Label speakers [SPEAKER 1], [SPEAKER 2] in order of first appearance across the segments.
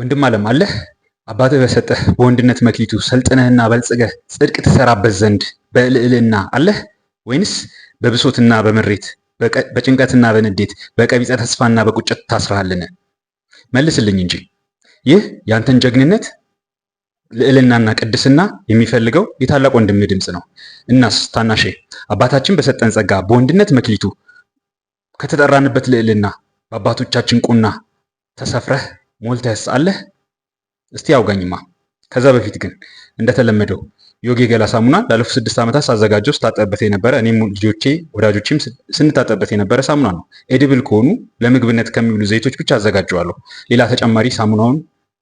[SPEAKER 1] ወንድም አለም አለህ አባትህ በሰጠህ በወንድነት መክሊቱ ሰልጥነህና በልጽገህ ጽድቅ ትሰራበት ዘንድ በልዕልና አለህ ወይንስ በብሶትና በምሬት በጭንቀትና በንዴት በቀቢጸ ተስፋና በቁጭት ታስረሃልን? መልስልኝ እንጂ ይህ ያንተን ጀግንነት ልዕልናና ቅድስና የሚፈልገው የታላቅ ወንድም ድምፅ ነው። እናስ ታናሼ አባታችን በሰጠን ጸጋ በወንድነት መክሊቱ ከተጠራንበት ልዕልና በአባቶቻችን ቁና ተሰፍረህ ሞልተህስ አለህ? እስቲ ያውጋኝማ። ከዛ በፊት ግን እንደተለመደው ዮጊ የገላ ሳሙና ላለፉት ስድስት ዓመታት ሳዘጋጀው ስታጠበት የነበረ እኔም ልጆቼ ወዳጆችም ስንታጠበት የነበረ ሳሙና ነው። ኤድብል ከሆኑ ለምግብነት ከሚውሉ ዘይቶች ብቻ አዘጋጀዋለሁ። ሌላ ተጨማሪ ሳሙናውን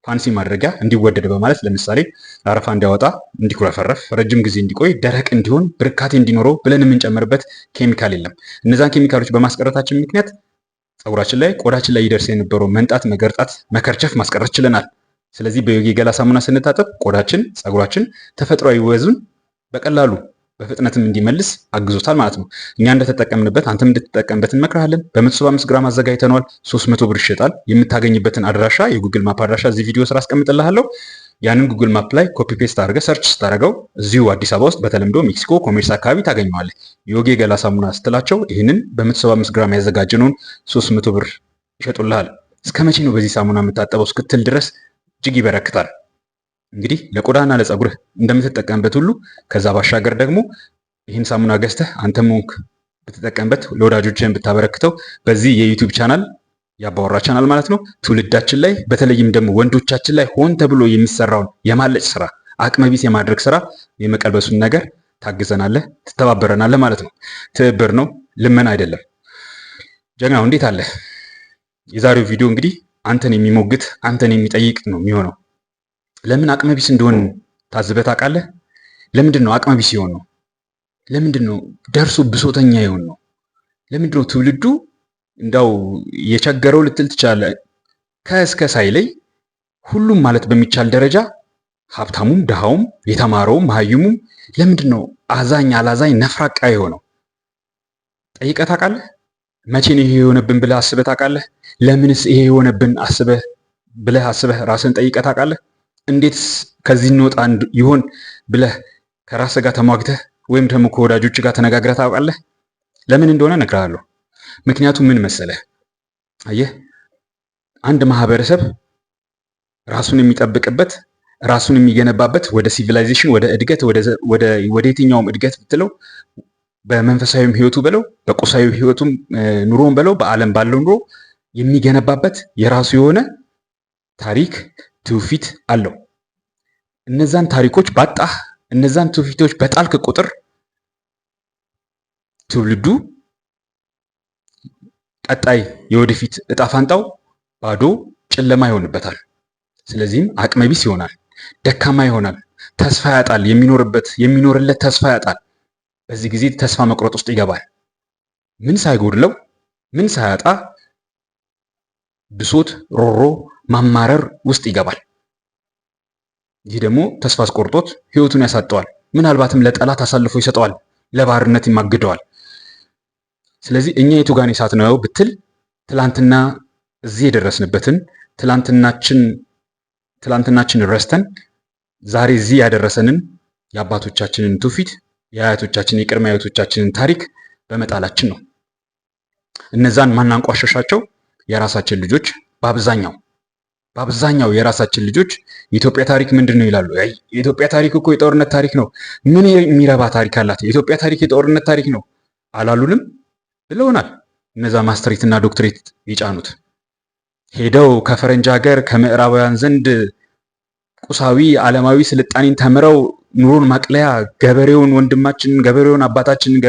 [SPEAKER 1] ፋንሲ ማድረጊያ እንዲወደድ በማለት ለምሳሌ አረፋ እንዲያወጣ፣ እንዲኩረፈረፍ፣ ረጅም ጊዜ እንዲቆይ፣ ደረቅ እንዲሆን፣ ብርካቴ እንዲኖረው ብለን የምንጨምርበት ኬሚካል የለም። እነዛን ኬሚካሎች በማስቀረታችን ምክንያት ፀጉራችን ላይ ቆዳችን ላይ ይደርስ የነበረው መንጣት፣ መገርጣት፣ መከርቸፍ ማስቀረት ችለናል። ስለዚህ በዮጊ ገላ ሳሙና ስንታጠብ ቆዳችን፣ ፀጉራችን ተፈጥሯዊ ወዙን በቀላሉ በፍጥነትም እንዲመልስ አግዞታል ማለት ነው። እኛ እንደተጠቀምንበት አንተም እንድትጠቀምበት እንመክርሃለን። በ175 ግራም አዘጋጅተነዋል። 300 ብር ይሸጣል። የምታገኝበትን አድራሻ የጉግል ማፕ አድራሻ እዚህ ቪዲዮ ስራ አስቀምጥልሃለሁ። ያንን ጉግል ማፕ ላይ ኮፒ ፔስት አድርገ ሰርች ስታደርገው እዚሁ አዲስ አበባ ውስጥ በተለምዶ ሜክሲኮ ኮሜርስ አካባቢ ታገኘዋለህ። የወጌ ገላ ሳሙና ስትላቸው ይህንን በ175 ግራም ያዘጋጀነውን 300 ብር ይሸጡልሃል። እስከ መቼ ነው በዚህ ሳሙና የምታጠበው እስክትል ድረስ እጅግ ይበረክታል። እንግዲህ ለቆዳና ለጸጉርህ እንደምትጠቀምበት ሁሉ ከዛ ባሻገር ደግሞ ይህን ሳሙና ገዝተህ አንተም ሆንክ ብትጠቀምበት ለወዳጆችን ብታበረክተው በዚህ የዩቱብ ቻናል የአባወራ ቻናል ማለት ነው። ትውልዳችን ላይ በተለይም ደግሞ ወንዶቻችን ላይ ሆን ተብሎ የሚሰራውን የማለጭ ስራ፣ አቅመቢስ የማድረግ ስራ የመቀልበሱን ነገር ታግዘናለህ፣ ትተባበረናለህ ማለት ነው። ትብብር ነው፣ ልመና አይደለም። ጀግናው እንዴት አለ? የዛሬው ቪዲዮ እንግዲህ አንተን የሚሞግት አንተን የሚጠይቅ ነው የሚሆነው። ለምን አቅመቢስ እንደሆን ታዝበህ ታውቃለህ? ለምንድን ነው አቅመቢስ የሆን ነው? ለምንድን ነው ደርሶ ብሶተኛ የሆን ነው? ለምንድን ነው ትውልዱ እንዳው የቸገረው ልትል ትችላለ። ከእስከ ሳይለይ ሁሉም ማለት በሚቻል ደረጃ ሀብታሙም፣ ድሃውም፣ የተማረውም፣ መሀይሙም ለምንድን ነው አዛኝ አላዛኝ ነፍራቃ የሆነው? ጠይቀህ ታውቃለህ? መቼ ነው ይሄ የሆነብን ብለህ አስበህ ታውቃለህ? ለምንስ ይሄ የሆነብን አስበህ ብለህ አስበህ ራስን ጠይቀህ ታውቃለህ? እንዴትስ ከዚህ እንወጣ ይሆን ብለህ ከራስህ ጋር ተሟግተህ ወይም ደግሞ ከወዳጆች ጋር ተነጋግረህ ታውቃለህ? ለምን እንደሆነ እነግርሃለሁ። ምክንያቱም ምን መሰለህ፣ አየህ አንድ ማህበረሰብ ራሱን የሚጠብቅበት ራሱን የሚገነባበት ወደ ሲቪላይዜሽን ወደ እድገት ወደ የትኛውም እድገት ብትለው በመንፈሳዊም ህይወቱ በለው በቁሳዊ ህይወቱም ኑሮም በለው በዓለም ባለው ኑሮ የሚገነባበት የራሱ የሆነ ታሪክ ትውፊት አለው። እነዛን ታሪኮች ባጣህ፣ እነዛን ትውፊቶች በጣልክ ቁጥር ትውልዱ ቀጣይ የወደፊት እጣ ፋንታው ባዶ ጨለማ ይሆንበታል። ስለዚህም አቅመቢስ ይሆናል፣ ደካማ ይሆናል፣ ተስፋ ያጣል፣ የሚኖርበት የሚኖርለት ተስፋ ያጣል። በዚህ ጊዜ ተስፋ መቁረጥ ውስጥ ይገባል። ምን ሳይጎድለው ምን ሳያጣ ብሶት፣ ሮሮ፣ ማማረር ውስጥ ይገባል። ይህ ደግሞ ተስፋ አስቆርጦት ህይወቱን ያሳጠዋል። ምናልባትም ለጠላት አሳልፎ ይሰጠዋል፣ ለባርነት ይማግደዋል። ስለዚህ እኛ የቱ ጋር የሳት ነው ብትል ትላንትና እዚህ የደረስንበትን ትላንትናችን ትላንትናችን ረስተን ዛሬ እዚህ ያደረሰንን የአባቶቻችንን ትውፊት የአያቶቻችን የቅድመ አያቶቻችንን ታሪክ በመጣላችን ነው። እነዛን ማናንቋሸሻቸው የራሳችን ልጆች በአብዛኛው በአብዛኛው የራሳችን ልጆች የኢትዮጵያ ታሪክ ምንድን ነው ይላሉ። የኢትዮጵያ ታሪክ እኮ የጦርነት ታሪክ ነው። ምን የሚረባ ታሪክ አላት? የኢትዮጵያ ታሪክ የጦርነት ታሪክ ነው አላሉልም? ብለውናል። እነዛ ማስትሬት እና ዶክትሬት የጫኑት ሄደው ከፈረንጅ ሀገር ከምዕራባውያን ዘንድ ቁሳዊ ዓለማዊ ስልጣኔን ተምረው ኑሮን ማቅለያ ገበሬውን ወንድማችንን፣ ገበሬውን አባታችንን፣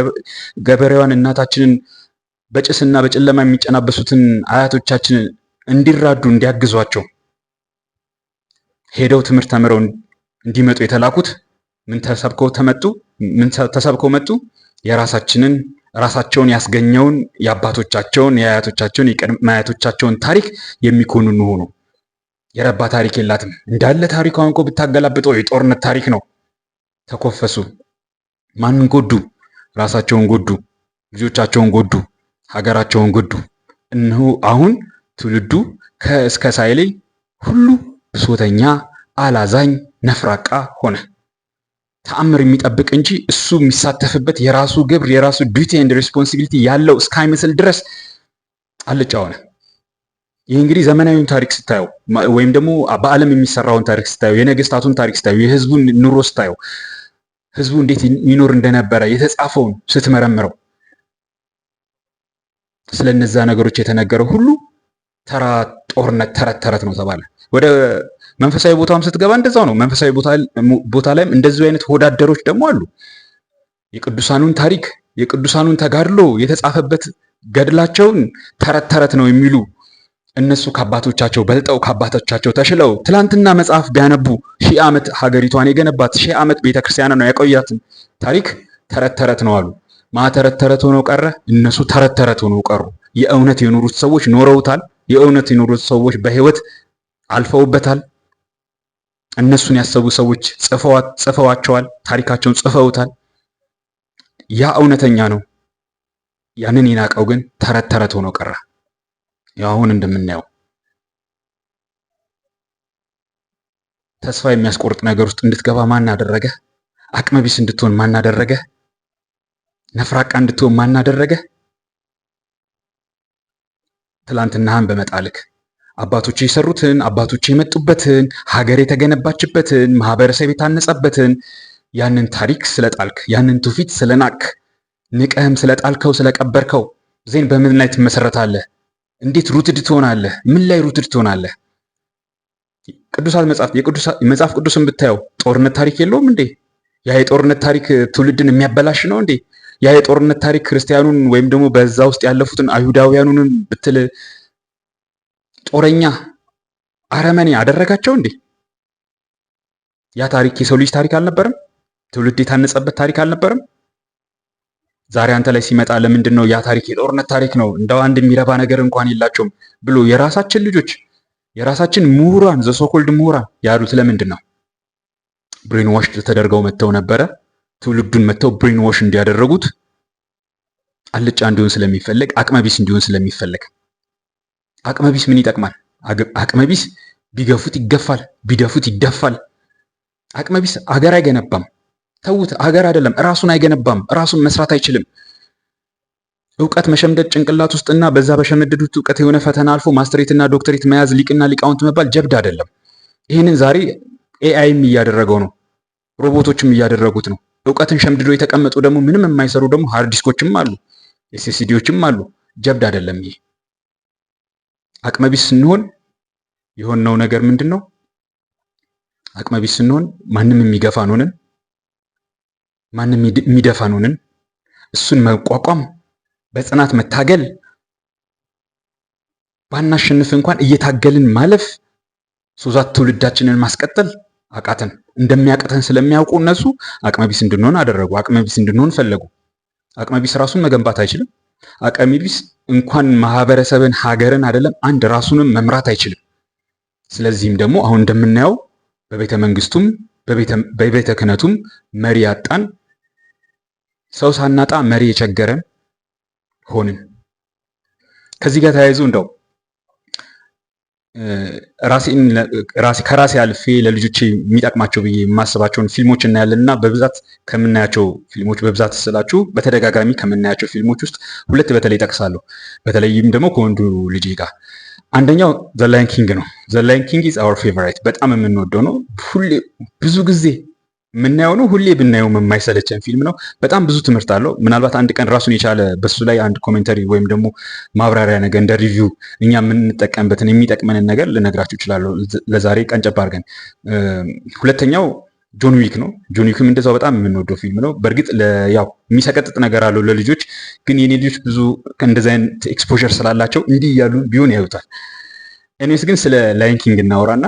[SPEAKER 1] ገበሬዋን እናታችንን በጭስና በጨለማ የሚጨናበሱትን አያቶቻችንን እንዲራዱ እንዲያግዟቸው ሄደው ትምህርት ተምረው እንዲመጡ የተላኩት ምን ተሰብከው ተመጡ? ምን ተሰብከው መጡ? የራሳችንን ራሳቸውን ያስገኘውን የአባቶቻቸውን የአያቶቻቸውን የቅድመ አያቶቻቸውን ታሪክ የሚኮንኑ ሆኖ የረባ ታሪክ የላትም። እንዳለ ታሪኳን እኮ ብታገላብጠው የጦርነት ታሪክ ነው። ተኮፈሱ። ማንን ጎዱ? ራሳቸውን ጎዱ፣ ልጆቻቸውን ጎዱ፣ ሀገራቸውን ጎዱ። እነሆ አሁን ትውልዱ ከእስከ ሳይሌ ሁሉ ብሶተኛ፣ አላዛኝ፣ ነፍራቃ ሆነ። ተአምር የሚጠብቅ እንጂ እሱ የሚሳተፍበት የራሱ ግብር የራሱ ዲቲ ኤንድ ሬስፖንሲቢሊቲ ያለው እስካይመስል ድረስ አልጫ ሆነ። ይህ እንግዲህ ዘመናዊውን ታሪክ ስታየው ወይም ደግሞ በዓለም የሚሰራውን ታሪክ ስታየው የነገስታቱን ታሪክ ስታየው የህዝቡን ኑሮ ስታየው ህዝቡ እንዴት ይኖር እንደነበረ የተጻፈውን ስትመረምረው ስለነዛ ነገሮች የተነገረው ሁሉ ተራ ጦርነት፣ ተረት ተረት ነው ተባለ ወደ መንፈሳዊ ቦታም ስትገባ እንደዛው ነው። መንፈሳዊ ቦታ ላይም እንደዚህ አይነት ሆዳደሮች ደግሞ አሉ። የቅዱሳኑን ታሪክ የቅዱሳኑን ተጋድሎ የተጻፈበት ገድላቸውን ተረት ተረት ነው የሚሉ እነሱ ከአባቶቻቸው በልጠው ከአባቶቻቸው ተሽለው ትላንትና መጽሐፍ ቢያነቡ ሺህ ዓመት ሀገሪቷን የገነባት ሺህ ዓመት ቤተክርስቲያን ነው ያቆያትን ታሪክ ተረት ተረት ነው አሉ። ማ ተረት ሆኖ ቀረ። እነሱ ተረት ተረት ሆነው ቀሩ። የእውነት የኖሩት ሰዎች ኖረውታል። የእውነት የኖሩት ሰዎች በህይወት አልፈውበታል። እነሱን ያሰቡ ሰዎች ጽፈዋቸዋል፣ ታሪካቸውን ጽፈውታል። ያ እውነተኛ ነው። ያንን የናቀው ግን ተረት ተረት ሆኖ ቀረ። አሁን እንደምናየው ተስፋ የሚያስቆርጥ ነገር ውስጥ እንድትገባ ማን አደረገ? እንድትሆን ማን አደረገ? ነፍራቃ እንድትሆን ማን አደረገ? ትላንትናህን በመጣልክ አባቶች የሰሩትን አባቶች የመጡበትን ሀገር የተገነባችበትን ማህበረሰብ የታነጸበትን ያንን ታሪክ ስለጣልክ ያንን ትውፊት ስለናክ ንቀህም ስለጣልከው ስለቀበርከው ዜን በምን ላይ ትመሰረታለህ? እንዴት ሩትድ ትሆናለህ? ምን ላይ ሩትድ ትሆናለህ? ቅዱሳት መጽሐፍ መጽሐፍ ቅዱስን ብታየው ጦርነት ታሪክ የለውም እንዴ? ያ የጦርነት ታሪክ ትውልድን የሚያበላሽ ነው እንዴ? ያ የጦርነት ታሪክ ክርስቲያኑን ወይም ደግሞ በዛ ውስጥ ያለፉትን አይሁዳውያኑንም ብትል ጦረኛ አረመኔ አደረጋቸው እንዴ? ያ ታሪክ የሰው ልጅ ታሪክ አልነበርም? ትውልድ የታነጸበት ታሪክ አልነበርም? ዛሬ አንተ ላይ ሲመጣ ለምንድን ነው ያ ታሪክ የጦርነት ታሪክ ነው እንደው አንድ የሚረባ ነገር እንኳን የላቸውም ብሎ የራሳችን ልጆች የራሳችን ምሁራን ዘሶኮልድ ምሁራን ያሉት ለምንድን ነው? ብሬንዋሽ ተደርገው መጥተው ነበረ። ትውልዱን መጥተው ብሬንዋሽ እንዲያደረጉት አልጫ እንዲሆን ስለሚፈለግ አቅመቢስ እንዲሆን ስለሚፈለግ አቅመቢስ ምን ይጠቅማል? አቅመቢስ ቢገፉት ይገፋል፣ ቢደፉት ይደፋል። አቅመቢስ አገር አይገነባም። ተውት አገር አይደለም ራሱን አይገነባም። ራሱን መስራት አይችልም። እውቀት መሸምደድ ጭንቅላት ውስጥና በዛ በሸመደዱት እውቀት የሆነ ፈተና አልፎ ማስትሬትና ዶክተሬት መያዝ ሊቅና ሊቃውንት መባል ጀብድ አይደለም። ይህንን ዛሬ ኤአይም እያደረገው ነው፣ ሮቦቶችም እያደረጉት ነው። እውቀትን ሸምድዶ የተቀመጡ ደግሞ ምንም የማይሰሩ ደግሞ ሃርድ ዲስኮችም አሉ፣ ኤስኤስዲዎችም አሉ። ጀብድ አይደለም ይሄ። አቅመቢስ ስንሆን የሆነው ነገር ምንድን ነው? አቅመቢስ ስንሆን ማንም የሚገፋን ሆነን ማንም የሚደፋን ሆነን እሱን መቋቋም በጽናት መታገል ባናሸንፍ እንኳን እየታገልን ማለፍ ሶዛት ትውልዳችንን ማስቀጠል አቃተን። እንደሚያቅተን ስለሚያውቁ እነሱ አቅመቢስ እንድንሆን አደረጉ። አቅመቢስ እንድንሆን ፈለጉ። አቅመቢስ ራሱን መገንባት አይችልም። አቅመ እንኳን ማህበረሰብን ሀገርን አይደለም አንድ ራሱንም መምራት አይችልም። ስለዚህም ደግሞ አሁን እንደምናየው በቤተ መንግስቱም በቤተ ክህነቱም መሪ ያጣን ሰው ሳናጣ መሪ የቸገረን ሆንን። ከዚህ ጋር ተያይዞ እንደው ከራሴ አልፌ ለልጆቼ የሚጠቅማቸው ብዬ የማስባቸውን ፊልሞች እናያለን እና በብዛት ከምናያቸው ፊልሞች በብዛት ስላችሁ በተደጋጋሚ ከምናያቸው ፊልሞች ውስጥ ሁለት በተለይ ጠቅሳለሁ። በተለይም ደግሞ ከወንዱ ልጅ ጋር አንደኛው ዘላይን ኪንግ ነው። ዘላይን ኪንግ ኢዝ አወር ፌቨራይት በጣም የምንወደው ነው። ሁሌ ብዙ ጊዜ ምናየው ነው። ሁሌ ብናየው የማይሰለቸን ፊልም ነው። በጣም ብዙ ትምህርት አለው። ምናልባት አንድ ቀን ራሱን የቻለ በሱ ላይ አንድ ኮሜንተሪ ወይም ደግሞ ማብራሪያ ነገር እንደ ሪቪው እኛ የምንጠቀምበትን የሚጠቅመንን ነገር ልነግራችሁ እችላለሁ። ለዛሬ ቀንጨብ አድርገን ሁለተኛው ጆን ዊክ ነው። ጆን ዊክም እንደዛው በጣም የምንወደው ፊልም ነው። በእርግጥ ያው የሚሰቀጥጥ ነገር አለው ለልጆች ግን የኔ ልጆች ብዙ እንደዚ አይነት ኤክስፖዠር ስላላቸው እንዲህ እያሉ ቢሆን ያዩታል። እኔስ ግን ስለ ላይንኪንግ እናወራና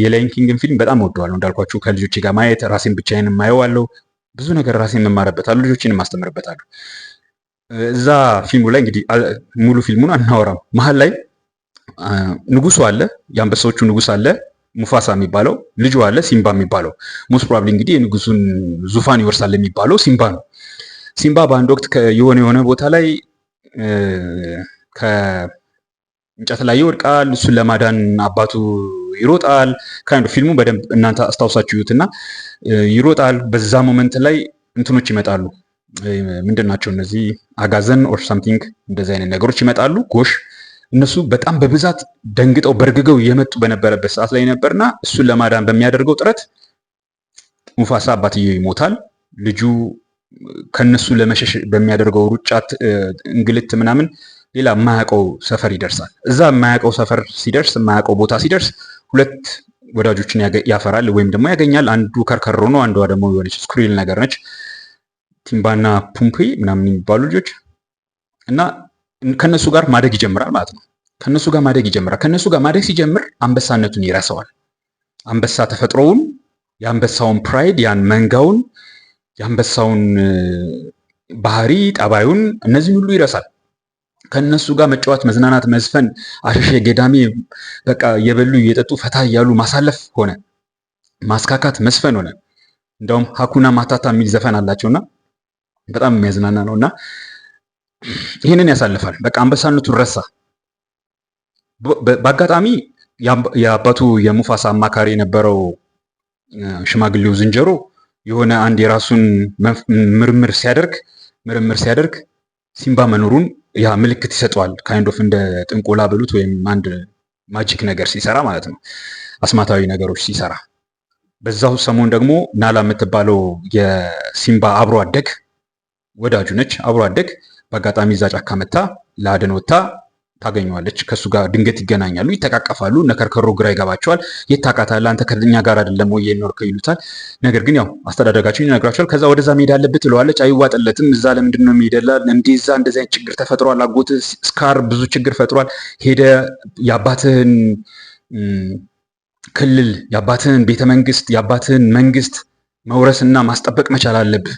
[SPEAKER 1] የላይንኪንግን ፊልም በጣም ወደዋለሁ። እንዳልኳችሁ ከልጆቼ ጋር ማየት ራሴን ብቻዬን ማየዋለሁ። ብዙ ነገር ራሴን የምማረበታለሁ፣ ልጆቼን የማስተምርበታለሁ። እዛ ፊልሙ ላይ እንግዲህ ሙሉ ፊልሙን አናወራም። መሀል ላይ ንጉሱ አለ፣ የአንበሳዎቹ ንጉስ አለ፣ ሙፋሳ የሚባለው ልጁ አለ፣ ሲምባ የሚባለው ሞስት ፕሮባብሊ እንግዲህ የንጉሱን ዙፋን ይወርሳል የሚባለው ሲምባ ነው። ሲምባ በአንድ ወቅት የሆነ የሆነ ቦታ ላይ እንጨት ላይ ይወድቃል። እሱን ለማዳን አባቱ ይሮጣል። ከአንዱ ፊልሙ በደንብ እናንተ አስታውሳችሁት እና ይሮጣል። በዛ ሞመንት ላይ እንትኖች ይመጣሉ። ምንድን ናቸው እነዚህ? አጋዘን ኦር ሳምቲንግ እንደዚህ አይነት ነገሮች ይመጣሉ። ጎሽ እነሱ በጣም በብዛት ደንግጠው በርግገው የመጡ በነበረበት ሰዓት ላይ ነበርና እሱን ለማዳን በሚያደርገው ጥረት ሙፋሳ አባትየው ይሞታል። ልጁ ከነሱ ለመሸሽ በሚያደርገው ሩጫ እንግልት ምናምን ሌላ የማያውቀው ሰፈር ይደርሳል። እዛ የማያውቀው ሰፈር ሲደርስ የማያውቀው ቦታ ሲደርስ ሁለት ወዳጆችን ያፈራል ወይም ደግሞ ያገኛል። አንዱ ከርከሮ ነው፣ አንዷ ደግሞ የሆነች ስኩሪል ነገር ነች። ቲምባና ፑምፒ ምናምን የሚባሉ ልጆች እና ከነሱ ጋር ማደግ ይጀምራል ማለት ነው። ከነሱ ጋር ማደግ ይጀምራል። ከነሱ ጋር ማደግ ሲጀምር አንበሳነቱን ይረሳዋል። አንበሳ ተፈጥሮውን፣ የአንበሳውን ፕራይድ፣ ያን መንጋውን፣ የአንበሳውን ባህሪ ጠባዩን፣ እነዚህን ሁሉ ይረሳል። ከእነሱ ጋር መጫወት፣ መዝናናት፣ መዝፈን፣ አሸሼ ገዳሜ በቃ የበሉ የጠጡ ፈታ እያሉ ማሳለፍ ሆነ። ማስካካት መስፈን ሆነ። እንደውም ሀኩና ማታታ የሚል ዘፈን አላቸውና በጣም የሚያዝናና ነው እና ይህንን ያሳልፋል። በቃ አንበሳነቱ ረሳ። በአጋጣሚ የአባቱ የሙፋሳ አማካሪ የነበረው ሽማግሌው ዝንጀሮ የሆነ አንድ የራሱን ምርምር ሲያደርግ ምርምር ሲያደርግ ሲምባ መኖሩን ያ ምልክት ይሰጠዋል። ካይንድ ኦፍ እንደ ጥንቆላ ብሉት ወይም አንድ ማጂክ ነገር ሲሰራ ማለት ነው፣ አስማታዊ ነገሮች ሲሰራ። በዛው ሰሞን ደግሞ ናላ የምትባለው የሲምባ አብሮ አደግ ወዳጁ ነች። አብሮ አደግ በአጋጣሚ እዛ ጫካ መታ ለአደን ወታ ታገኘዋለች ከእሱ ጋር ድንገት ይገናኛሉ፣ ይተቃቀፋሉ። ነከርከሮ ግራ ይገባቸዋል። የት ታውቃታለህ አንተ ከኛ ጋር አይደለም ወይ የሚኖርከው ይሉታል። ነገር ግን ያው አስተዳደጋቸው ይነግራቸዋል። ከዛ ወደዛ መሄድ አለብህ ትለዋለች። አይዋጥለትም። እዛ ለምንድን ነው የሚሄደላል? እንዲዛ እንደዚህ አይነት ችግር ተፈጥሯል። አጎት ስካር ብዙ ችግር ፈጥሯል። ሄደ የአባትህን ክልል የአባትህን ቤተ መንግስት የአባትህን መንግስት መውረስና ማስጠበቅ መቻል አለብህ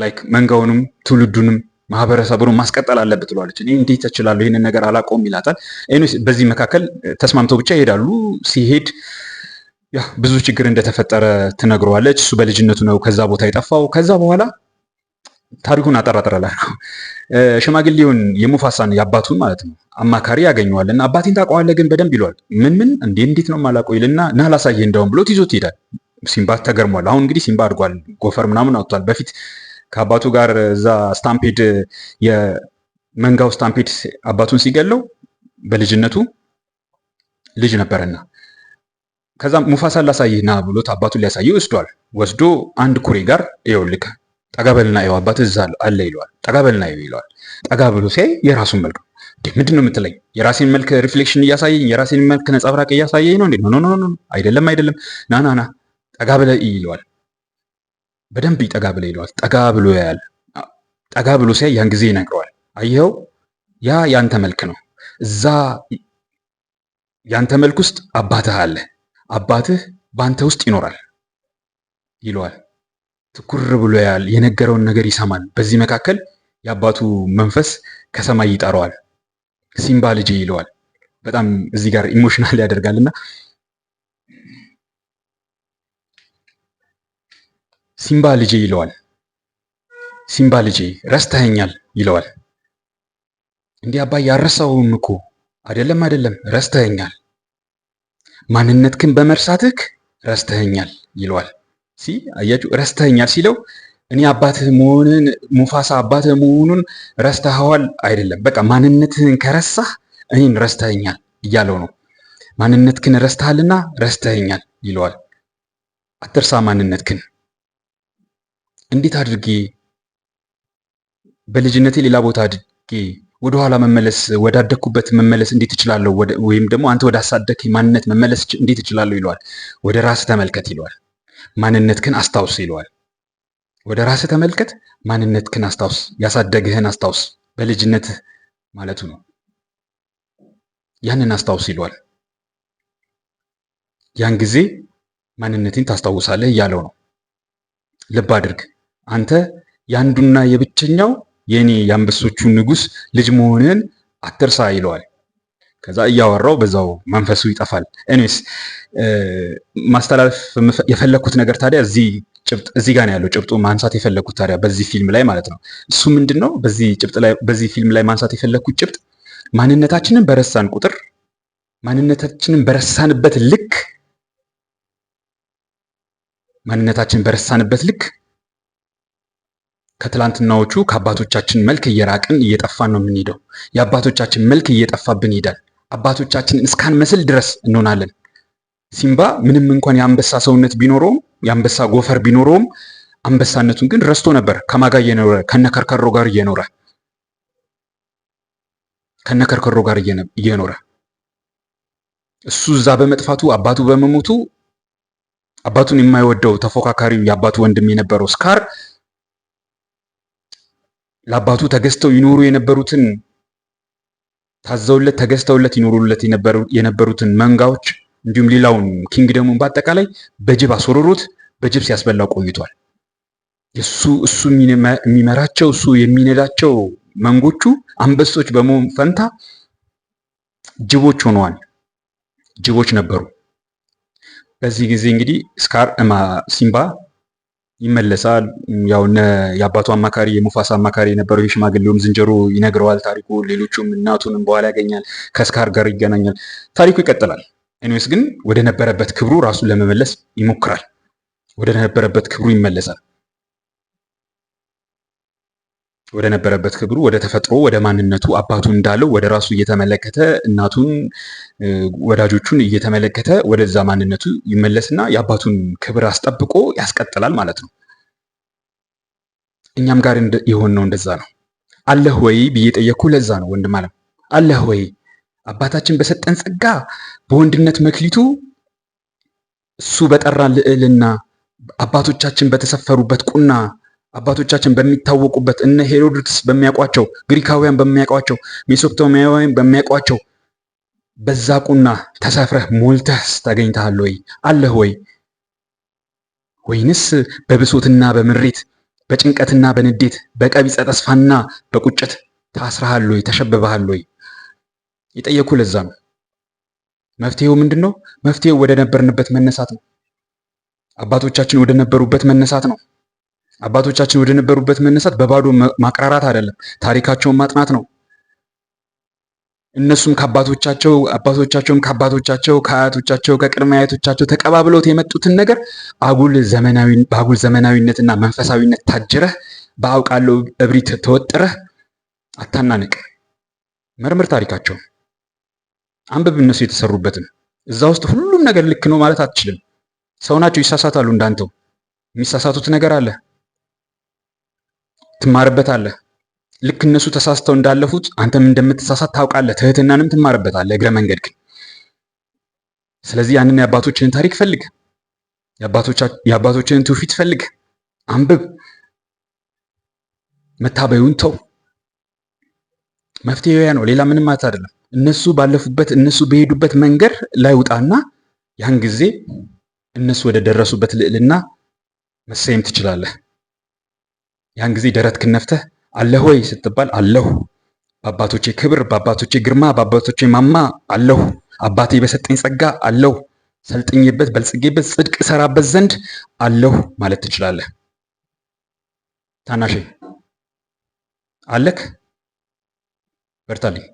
[SPEAKER 1] ላይክ መንጋውንም ትውልዱንም ማህበረሰቡን ማስቀጠል አለበት ብለዋለች። እኔ እንዴት እችላለሁ ይህንን ነገር አላቆም ይላታል። በዚህ መካከል ተስማምተው ብቻ ይሄዳሉ። ሲሄድ ያ ብዙ ችግር እንደተፈጠረ ትነግረዋለች። እሱ በልጅነቱ ነው ከዛ ቦታ የጠፋው። ከዛ በኋላ ታሪኩን አጠራጠረላ ነው ሽማግሌውን የሙፋሳን የአባቱን ማለት ነው አማካሪ ያገኘዋል። እና አባቴን ታውቀዋለህ ግን በደንብ ይለዋል። ምን ምን እንዴ እንዴት ነው የማላውቀው ይልና ና ላሳየህ እንደውም ብሎት ይዞት ይሄዳል። ሲምባ ተገርሟል። አሁን እንግዲህ ሲምባ አድጓል፣ ጎፈር ምናምን አውጥቷል። በፊት ከአባቱ ጋር እዛ ስታምፔድ የመንጋው ስታምፔድ አባቱን ሲገለው በልጅነቱ ልጅ ነበረና ከዛ ሙፋሳ ላሳይህ ና ብሎት አባቱን ሊያሳየው ወስዷል። ወስዶ አንድ ኩሬ ጋር ይኸውልህ ጠጋበልና ይኸው አባትህ እዛ አለ ይለዋል። ጠጋበልና ይኸው ይለዋል። ጠጋ ብሎ ሲያይ የራሱን መልክ ምንድን ነው የምትለኝ? የራሴን መልክ ሪፍሌክሽን እያሳየኝ የራሴን መልክ ነጸብራቅ እያሳየኝ ነው እንዴ? ኖ አይደለም አይደለም፣ ናናና ጠጋ ብለህ ይለዋል። በደንብ ይጠጋ ብለ ይለዋል። ጠጋ ብሎ ያያል። ጠጋ ብሎ ሲያይ ያን ጊዜ ይነግረዋል። አየኸው፣ ያ ያንተ መልክ ነው። እዛ ያንተ መልክ ውስጥ አባትህ አለ። አባትህ በአንተ ውስጥ ይኖራል ይለዋል። ትኩር ብሎ ያያል። የነገረውን ነገር ይሰማል። በዚህ መካከል የአባቱ መንፈስ ከሰማይ ይጠራዋል። ሲምባ ልጄ ይለዋል። በጣም እዚህ ጋር ኢሞሽናል ያደርጋልና ሲምባ ልጄ ይለዋል። ሲምባ ልጄ ረስተኸኛል ይለዋል። እንዲህ አባ አልረሳሁህም እኮ አይደለም አይደለም ረስተኸኛል፣ ማንነትክን በመርሳትህ ረስተኸኛል ይለዋል። ሲ አያችሁ ረስተኸኛል ሲለው እኔ አባትህ መሆንን ሙፋሳ አባትህ መሆኑን ረስተኸዋል አይደለም፣ በቃ ማንነትህን ከረሳህ እኔን ረስተኸኛል እያለው ነው። ማንነትክን ረስተሃልና ረስተኸኛል ይለዋል። አትርሳ ማንነትክን እንዴት አድርጌ በልጅነቴ ሌላ ቦታ አድጌ ወደኋላ መመለስ ወዳደግኩበት መመለስ እንዴት እችላለሁ? ወይም ደግሞ አንተ ወዳሳደግ ማንነት መመለስ እንዴት እችላለሁ? ይለዋል። ወደ ራስ ተመልከት ይለዋል። ማንነትክን አስታውስ ይለዋል። ወደ ራስ ተመልከት፣ ማንነትህን አስታውስ፣ ያሳደግህን አስታውስ፣ በልጅነት ማለቱ ነው። ያንን አስታውስ ይለዋል። ያን ጊዜ ማንነቴን ታስታውሳለህ እያለው ነው። ልብ አድርግ። አንተ የአንዱና የብቸኛው የእኔ የአንበሶቹ ንጉሥ ልጅ መሆንን አትርሳ ይለዋል። ከዛ እያወራው በዛው መንፈሱ ይጠፋል። ኤኒዌይስ ማስተላለፍ የፈለግኩት ነገር ታዲያ እዚህ ጭብጥ እዚህ ጋር ነው ያለው። ጭብጡ ማንሳት የፈለግኩት ታዲያ በዚህ ፊልም ላይ ማለት ነው። እሱ ምንድን ነው? በዚህ ጭብጥ ላይ በዚህ ፊልም ላይ ማንሳት የፈለግኩት ጭብጥ ማንነታችንን በረሳን ቁጥር ማንነታችንን በረሳንበት ልክ ማንነታችንን በረሳንበት ልክ ከትላንትናዎቹ ከአባቶቻችን መልክ እየራቅን እየጠፋን ነው የምንሄደው። የአባቶቻችን መልክ እየጠፋብን ይሄዳል። አባቶቻችን እስካን መስል ድረስ እንሆናለን። ሲምባ ምንም እንኳን የአንበሳ ሰውነት ቢኖረውም የአንበሳ ጎፈር ቢኖረውም አንበሳነቱን ግን ረስቶ ነበር። ከማጋ እየኖረ ከነከርከሮ ጋር እየኖረ ከነከርከሮ ጋር እየኖረ እሱ እዛ በመጥፋቱ አባቱ በመሞቱ አባቱን የማይወደው ተፎካካሪው የአባቱ ወንድም የነበረው ስካር ለአባቱ ተገዝተው ይኖሩ የነበሩትን ታዘውለት ተገዝተውለት ይኖሩለት የነበሩትን መንጋዎች እንዲሁም ሌላውን ኪንግደሙን በአጠቃላይ በጅብ አስወርሮት በጅብ ሲያስበላው ቆይቷል። እሱ እሱ የሚመራቸው እሱ የሚነዳቸው መንጎቹ አንበሶች በመሆን ፈንታ ጅቦች ሆነዋል። ጅቦች ነበሩ። በዚህ ጊዜ እንግዲህ ስካር እማ ሲምባ ይመለሳል። ያው የአባቱ አማካሪ የሙፋሳ አማካሪ የነበረው የሽማግሌውም ዝንጀሮ ይነግረዋል ታሪኩ። ሌሎቹም እናቱንም በኋላ ያገኛል፣ ከስካር ጋር ይገናኛል። ታሪኩ ይቀጥላል። ኤኒዌይስ ግን ወደ ነበረበት ክብሩ ራሱን ለመመለስ ይሞክራል። ወደ ነበረበት ክብሩ ይመለሳል። ወደ ነበረበት ክብሩ ወደ ተፈጥሮ ወደ ማንነቱ አባቱ እንዳለው ወደ ራሱ እየተመለከተ እናቱን ወዳጆቹን እየተመለከተ ወደዛ ማንነቱ ይመለስና የአባቱን ክብር አስጠብቆ ያስቀጥላል ማለት ነው። እኛም ጋር የሆነው እንደዛ ነው። አለህ ወይ ብዬ ጠየቅኩ። ለዛ ነው ወንድም አለም አለህ ወይ አባታችን በሰጠን ጸጋ በወንድነት መክሊቱ እሱ በጠራ ልዕልና አባቶቻችን በተሰፈሩበት ቁና አባቶቻችን በሚታወቁበት እነ ሄሮድስ በሚያውቋቸው ግሪካውያን በሚያውቋቸው ሜሶፖታሚያውያን በሚያውቋቸው በዛ ቁና ተሳፍረህ ሞልተህስ ታገኝተሃል ወይ አለህ ወይ ወይንስ በብሶትና በምሬት በጭንቀትና በንዴት በቀቢጸ ተስፋና በቁጭት ታስረሃል ወይ ተሸብበሃል ወይ የጠየኩ ለዛ ነው መፍትሄው ምንድን ነው መፍትሄው ወደ ነበርንበት መነሳት ነው አባቶቻችን ወደ ነበሩበት መነሳት ነው አባቶቻችን ወደ ነበሩበት መነሳት በባዶ ማቅራራት አይደለም፣ ታሪካቸውን ማጥናት ነው። እነሱም ከአባቶቻቸው አባቶቻቸውም ከአባቶቻቸው ከአያቶቻቸው ከቅድመ አያቶቻቸው ተቀባብለውት የመጡትን ነገር አጉል ዘመናዊ በአጉል ዘመናዊነትና መንፈሳዊነት ታጅረህ በአውቃለው እብሪት ተወጥረህ አታናንቅ። መርምር ታሪካቸውን፣ አንብብ እነሱ የተሰሩበትን። እዛ ውስጥ ሁሉም ነገር ልክ ነው ማለት አትችልም። ሰው ናቸው፣ ይሳሳታሉ። እንዳንተው የሚሳሳቱት ነገር አለ። ትማርበታለህ። ልክ እነሱ ተሳስተው እንዳለፉት አንተም እንደምትሳሳት ታውቃለህ። ትህትናንም ትማርበታለህ እግረ መንገድ ግን። ስለዚህ ያንን የአባቶችን ታሪክ ፈልግ፣ የአባቶችን ትውፊት ፈልግ፣ አንብብ፣ መታበዩን ተው። መፍትሄው ያ ነው፣ ሌላ ምንም ማለት አይደለም። እነሱ ባለፉበት እነሱ በሄዱበት መንገድ ላይ ውጣና ያን ጊዜ እነሱ ወደ ደረሱበት ልዕልና መሰየም ትችላለህ። ያን ጊዜ ደረት ክነፍተህ አለህ ወይ ስትባል አለሁ፣ በአባቶቼ ክብር፣ በአባቶቼ ግርማ፣ በአባቶቼ ማማ አለሁ፣ አባቴ በሰጠኝ ጸጋ አለሁ፣ ሰልጥኝበት በልጽጌበት ጽድቅ ሰራበት ዘንድ አለሁ ማለት ትችላለህ። ታናሽ አለክ፣ በርታልኝ።